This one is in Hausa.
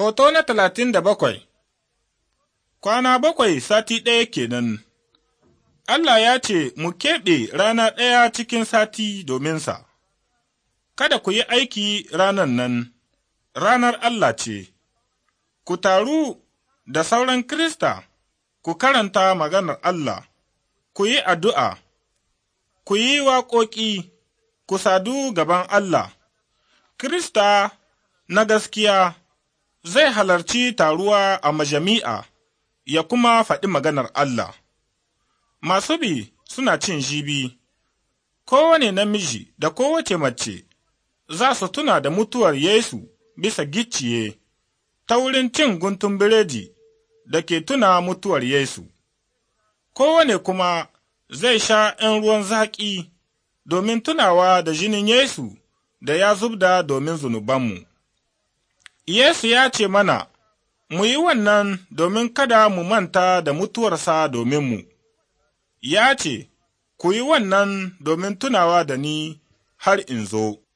Hoto na talatin da bakwai Kwana bakwai sati ɗaya kenan Allah ya ce mu keɓe rana ɗaya cikin sati domin sa. kada ku yi aiki ranan nan, ranar Allah ce, ku taru da sauran Krista, ku karanta maganar Allah, ku yi addu'a, ku yi waƙoƙi, ku sadu gaban Allah, Krista na gaskiya. zai halarci taruwa a majami'a ya kuma faɗi maganar Allah. Masu bi suna cin jibi, kowane namiji da kowace mace za su tuna da mutuwar Yesu bisa gicciye ta wurin cin guntun biredi da ke tuna mutuwar Yesu. Kowane kuma zai sha ’yan ruwan zaƙi domin tunawa da jinin Yesu da ya zubda domin zunubanmu. Yesu ya ce mana, mu yi wannan domin kada mu manta da mutuwarsa mu Ya ce, Ku yi wannan domin tunawa da ni har in zo.